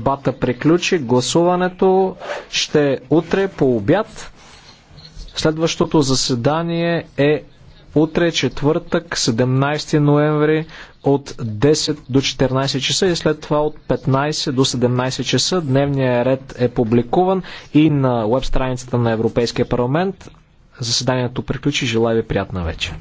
Дебата приключи. Гласуването ще е утре по обяд. Следващото заседание е утре, четвъртък, 17 ноември от 10 до 14 часа и след това от 15 до 17 часа. Дневният ред е публикуван и на веб страницата на Европейския парламент. Заседанието приключи. Желая ви приятна вечер.